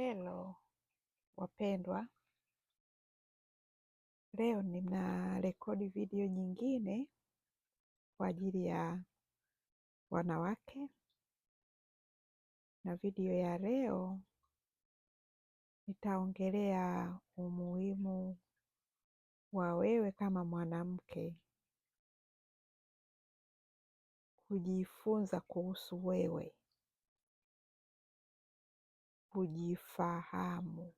Hello wapendwa, leo nina rekodi video nyingine kwa ajili ya wanawake, na video ya leo nitaongelea umuhimu wa wewe kama mwanamke kujifunza kuhusu wewe kujifahamu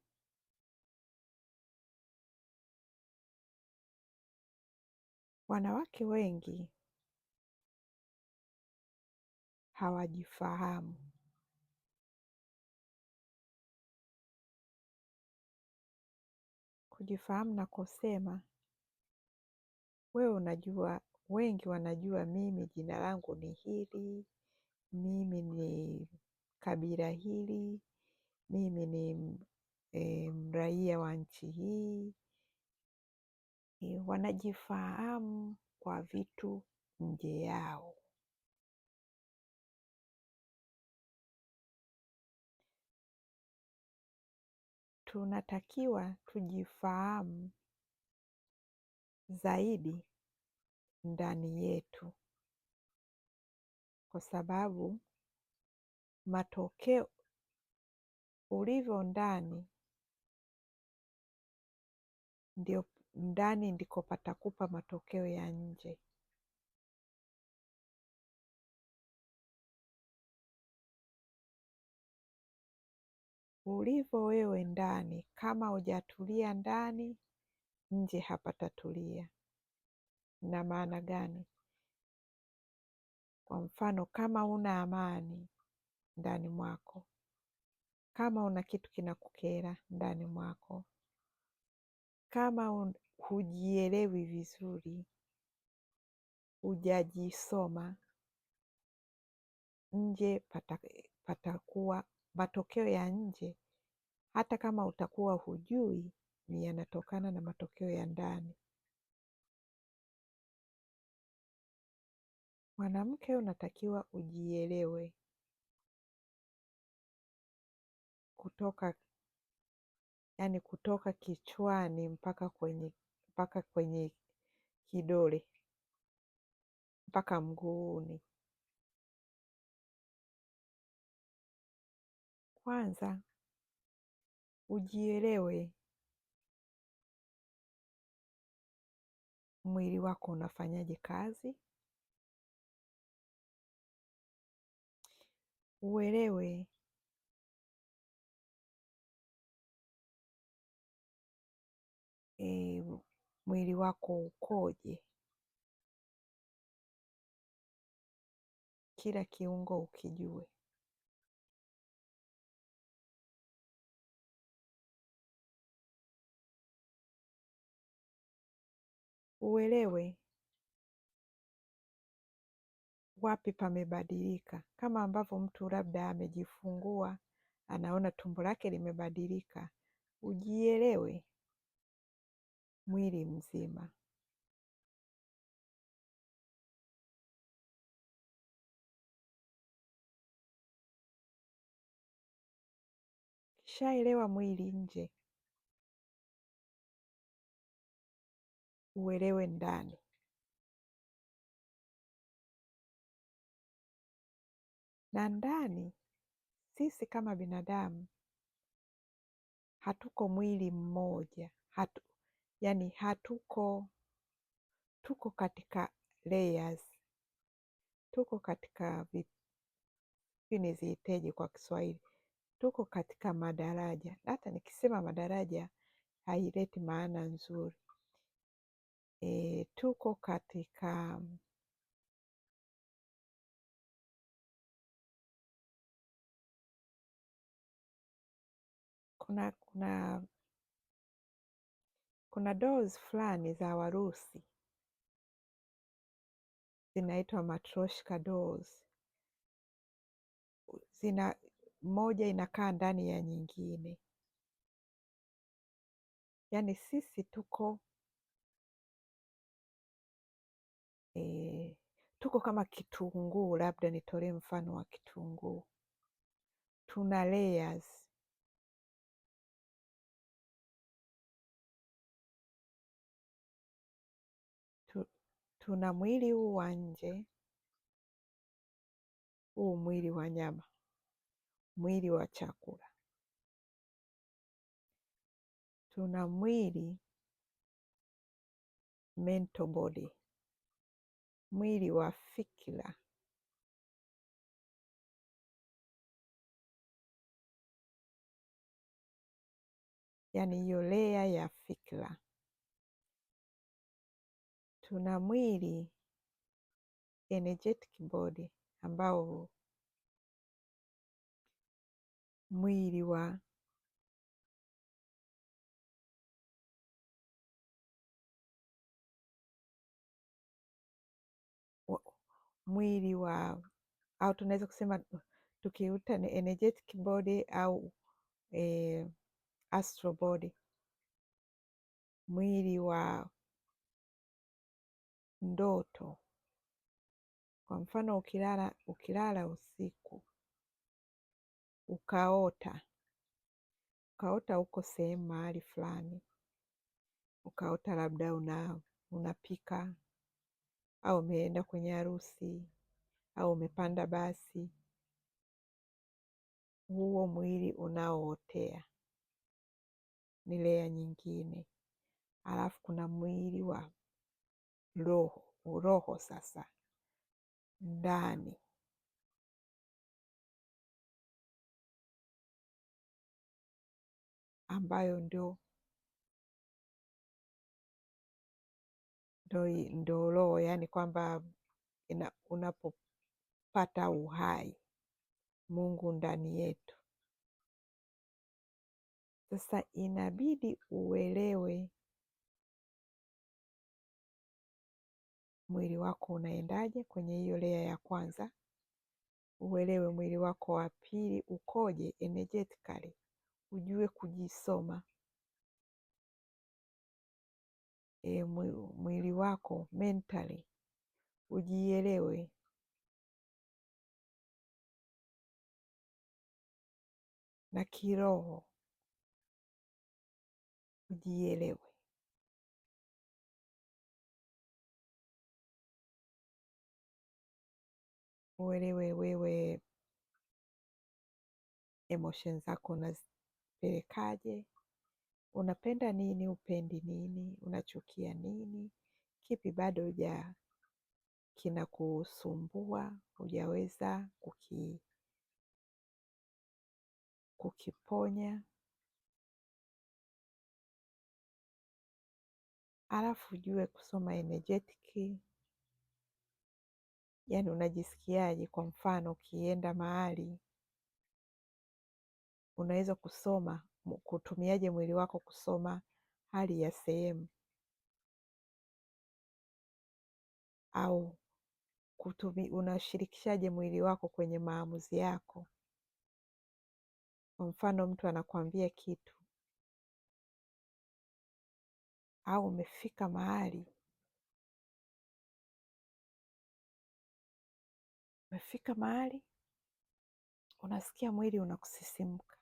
wanawake wengi hawajifahamu kujifahamu na kusema wewe unajua wengi wanajua mimi jina langu ni hili mimi ni kabila hili mimi ni eh, mraia wa nchi hii, eh, wanajifahamu kwa vitu nje yao. Tunatakiwa tujifahamu zaidi ndani yetu, kwa sababu matokeo ulivyo ndani ndio ndani ndiko patakupa matokeo ya nje. Ulivyo wewe ndani, kama hujatulia ndani, nje hapatatulia. Na maana gani? Kwa mfano, kama una amani ndani mwako, kama una kitu kinakukera ndani mwako, kama hujielewi vizuri, hujajisoma, nje patakuwa matokeo ya nje, hata kama utakuwa hujui, ni yanatokana na matokeo ya ndani. Mwanamke unatakiwa ujielewe, kutoka yani kutoka kichwani mpaka kwenye mpaka kwenye kidole mpaka mguuni. Kwanza ujielewe, mwili wako unafanyaje kazi. Uelewe e, mwili wako ukoje, kila kiungo ukijue. Uelewe wapi pamebadilika, kama ambavyo mtu labda amejifungua anaona tumbo lake limebadilika, ujielewe mwili mzima kishaelewa mwili nje uelewe ndani na ndani sisi kama binadamu hatuko mwili mmoja hatu, yani hatuko tuko katika layers, tuko katika nizihitaji kwa Kiswahili, tuko katika madaraja. Hata nikisema madaraja haileti maana nzuri. E, tuko katika kuna kuna kuna dolls fulani za Warusi zinaitwa matroshka dolls zina moja inakaa ndani ya nyingine. Yaani sisi tuko e, tuko kama kitunguu, labda nitolee mfano wa kitunguu, tuna layers tuna mwili huu wa nje, huu mwili wa nyama, mwili wa chakula, tuna mwili mental body, mwili wa fikira yaani hiyo lea ya fikra tuna mwili energetic body ambao mwili wa mwili wa au tunaweza kusema tukiuta ni energetic body au eh, astral body, mwili wa ndoto. Kwa mfano ukilala, ukilala usiku ukaota, ukaota uko sehemu mahali fulani, ukaota labda una unapika au umeenda kwenye harusi au umepanda basi, huo mwili unaootea ni lea nyingine, alafu kuna mwili wa roho roho sasa ndani ambayo ndo ndo, ndo roho yaani kwamba unapopata uhai Mungu ndani yetu. Sasa inabidi uelewe mwili wako unaendaje kwenye hiyo lea ya kwanza, uelewe mwili wako wa pili ukoje energetically, ujue kujisoma e, mwili wako mentally ujielewe. na kiroho ujielewe. uelewe wewe emotion zako unazipelekaje, unapenda nini, upendi nini, unachukia nini, kipi bado huja kinakusumbua, hujaweza kuki kukiponya alafu ujue kusoma energetic yani unajisikiaje? Kwa mfano ukienda mahali unaweza kusoma, kutumiaje mwili wako kusoma hali ya sehemu au kutumi, unashirikishaje mwili wako kwenye maamuzi yako? Kwa mfano mtu anakuambia kitu au umefika mahali Umefika mahali unasikia mwili unakusisimka,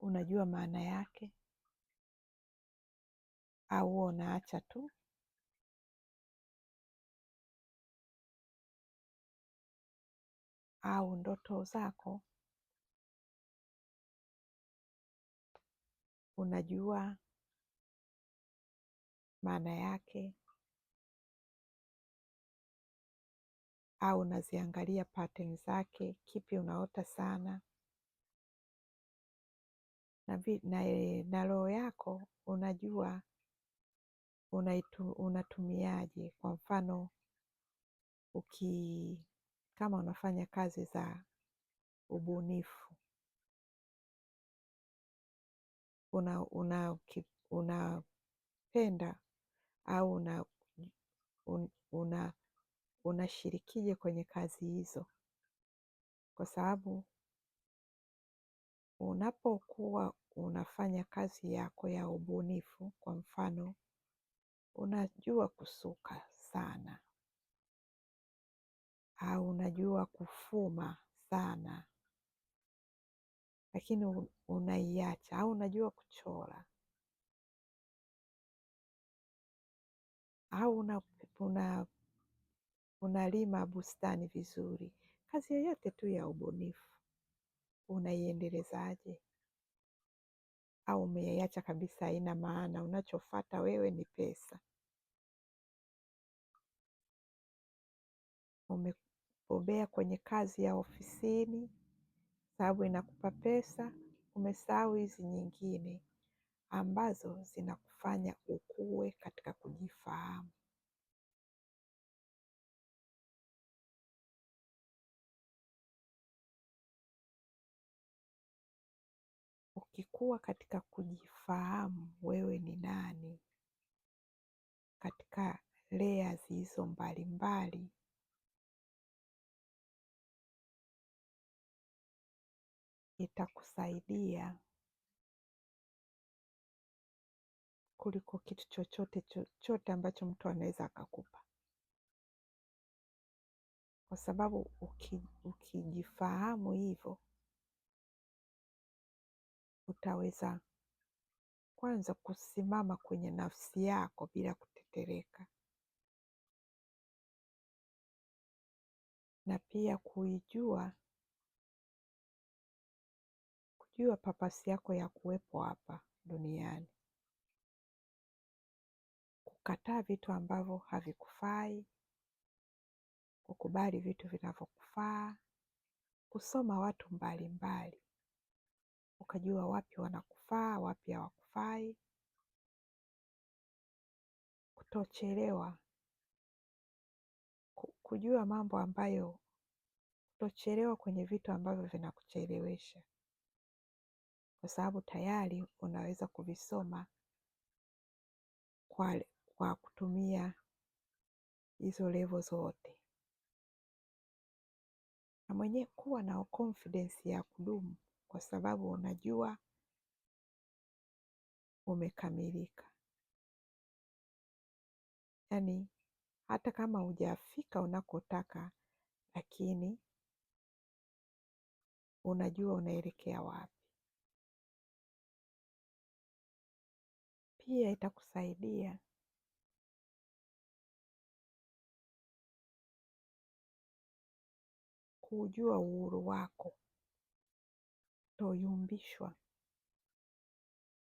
unajua maana yake, au huo unaacha tu? Au ndoto zako unajua maana yake au unaziangalia pattern zake, kipi unaota sana na, na, e, na roho yako unajua unaitu, unatumiaje. Kwa mfano uki kama unafanya kazi za ubunifu una unapenda una, au una, un, una unashirikije kwenye kazi hizo, kwa sababu unapokuwa unafanya kazi yako ya ubunifu, kwa mfano unajua kusuka sana au unajua kufuma sana, lakini unaiacha, au unajua kuchora au una, una unalima bustani vizuri. Kazi yoyote tu ya ubunifu unaiendelezaje? Au umeiacha kabisa, haina maana? Unachofata wewe ni pesa. Umebobea kwenye kazi ya ofisini, sababu inakupa pesa. Umesahau hizi nyingine ambazo zinakufanya ukue katika kujifahamu. kuwa katika kujifahamu wewe ni nani katika lea zilizo mbalimbali. Itakusaidia kuliko kitu chochote chochote ambacho mtu anaweza akakupa, kwa sababu ukijifahamu hivyo utaweza kwanza kusimama kwenye nafsi yako bila kutetereka, na pia kuijua kujua papasi yako ya kuwepo hapa duniani, kukataa vitu ambavyo havikufai, kukubali vitu vinavyokufaa, kusoma watu mbalimbali mbali ukajua wapi wanakufaa wapi hawakufai. Kutochelewa, kujua mambo ambayo, kutochelewa kwenye vitu ambavyo vinakuchelewesha, kwa sababu tayari unaweza kuvisoma kwa, kwa kutumia hizo levo zote na mwenye kuwa na confidence ya kudumu kwa sababu unajua umekamilika. Yaani hata kama hujafika unakotaka, lakini unajua unaelekea wapi. Pia itakusaidia kujua uhuru wako kutoyumbishwa,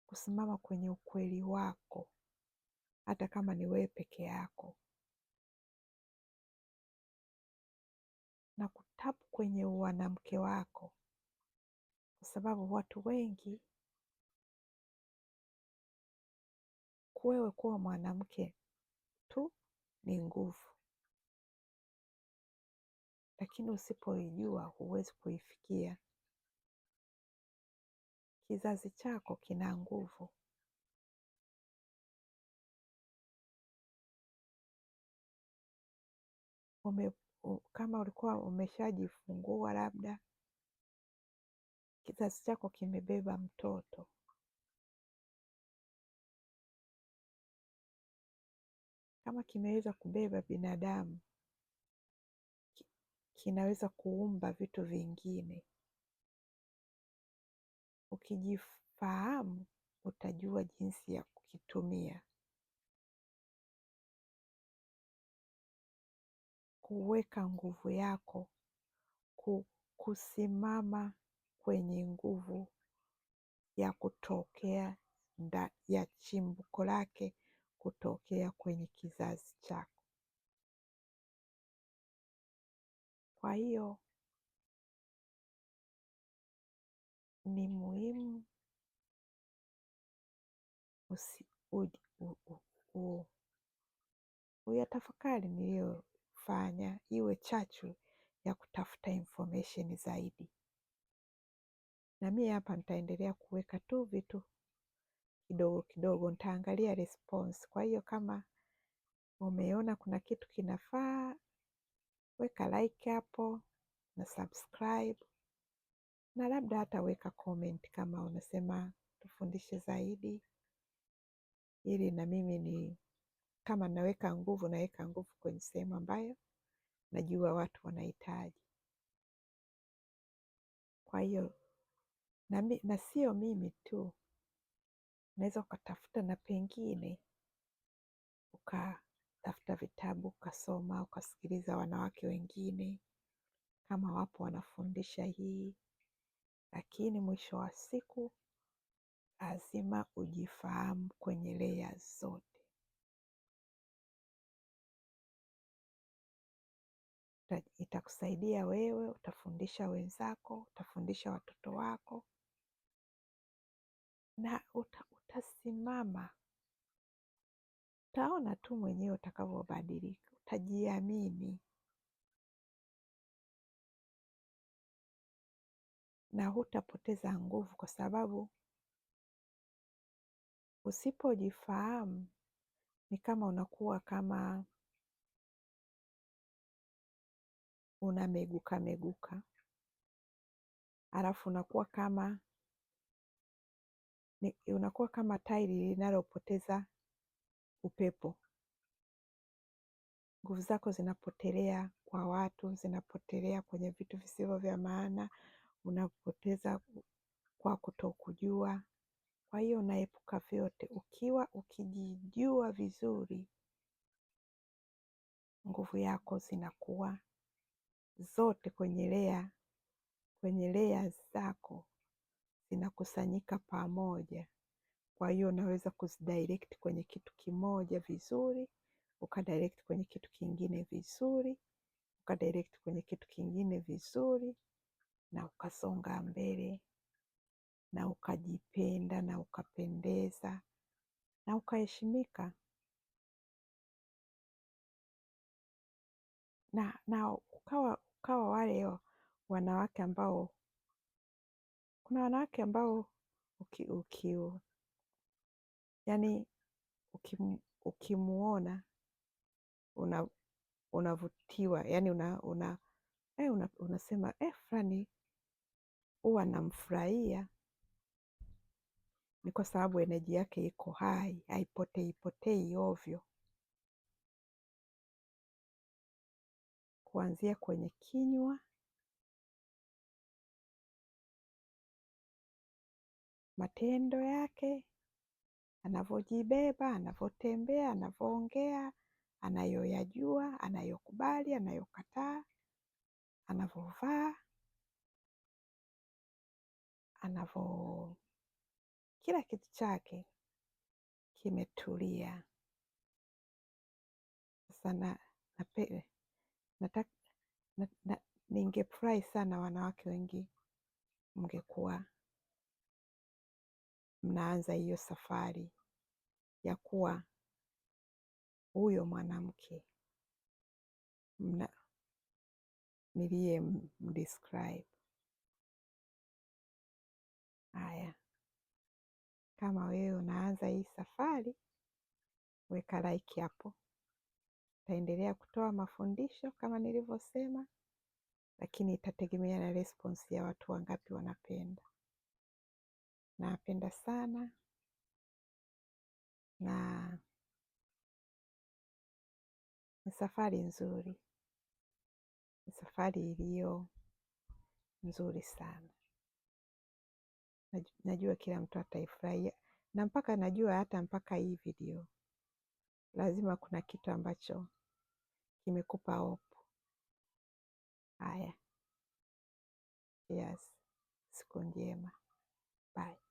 kusimama kwenye ukweli wako, hata kama ni wewe peke yako, na kutapu kwenye uwanamke wako, kwa sababu watu wengi wewe kuwa mwanamke tu ni nguvu, lakini usipoijua huwezi kuifikia. Kizazi chako kina nguvu ume, kama ulikuwa umeshajifungua labda, kizazi chako kimebeba mtoto kama kimeweza kubeba binadamu, kinaweza kuumba vitu vingine. Ukijifahamu utajua jinsi ya kukitumia. Kuweka nguvu yako, kusimama kwenye nguvu ya kutokea ya chimbuko lake kutokea kwenye kizazi chako. Kwa hiyo ni muhimu uyatafakari niliyofanya iwe chachu ya kutafuta information zaidi. Na mimi hapa nitaendelea kuweka tu vitu kidogo kidogo, nitaangalia response. Kwa hiyo kama umeona kuna kitu kinafaa, weka like hapo na subscribe na labda hata weka comment kama unasema tufundishe zaidi, ili na mimi ni kama naweka nguvu, naweka nguvu kwenye sehemu ambayo najua watu wanahitaji. Kwa hiyo na, na sio mimi tu, unaweza ukatafuta na pengine ukatafuta vitabu ukasoma, ukasikiliza wanawake wengine kama wapo wanafundisha hii lakini mwisho wa siku lazima ujifahamu kwenye leya zote. Itakusaidia wewe, utafundisha wenzako, utafundisha watoto wako na uta, utasimama. Utaona tu mwenyewe utakavyobadilika, utajiamini. na hutapoteza nguvu, kwa sababu usipojifahamu ni kama unakuwa kama unameguka meguka, alafu unakuwa kama ni, unakuwa kama tairi linalopoteza upepo. Nguvu zako zinapotelea kwa watu, zinapotelea kwenye vitu visivyo vya maana, unapoteza kwa kutokujua. Kwa hiyo unaepuka vyote ukiwa ukijijua vizuri, nguvu yako zinakuwa zote kwenye lea kwenye lea zako zinakusanyika pamoja. Kwa hiyo unaweza kuzidirect kwenye kitu kimoja vizuri, ukadirect kwenye kitu kingine vizuri, ukadirect kwenye kitu kingine vizuri na ukasonga mbele na ukajipenda na ukapendeza na ukaheshimika na, na ukawa, ukawa wale wanawake ambao kuna wanawake ambao uki, uki, yani ukim, ukimuona una, unavutiwa yani una, una, eh, una, unasema eh, fulani huwa namfurahia ni kwa sababu eneji yake iko hai, haipotei ovyo, kuanzia kwenye kinywa, matendo yake, anavyojibeba, anavyotembea, anavyoongea, anayoyajua, anayokubali, anayokataa, anavyovaa anavyo, kila kitu chake kimetulia sana. Nataka na, na, ningefurahi sana wanawake wengi mngekuwa mnaanza hiyo safari ya kuwa huyo mwanamke mna niliye mdescribe Haya, kama wewe unaanza hii safari, weka like hapo. Taendelea kutoa mafundisho kama nilivyosema, lakini itategemea na response ya watu wangapi wanapenda. napenda sana na ni safari nzuri, ni safari iliyo nzuri sana najua kila mtu ataifurahia, na mpaka najua hata mpaka hii video lazima kuna kitu ambacho kimekupa hope. Haya, yes, siku njema, bye.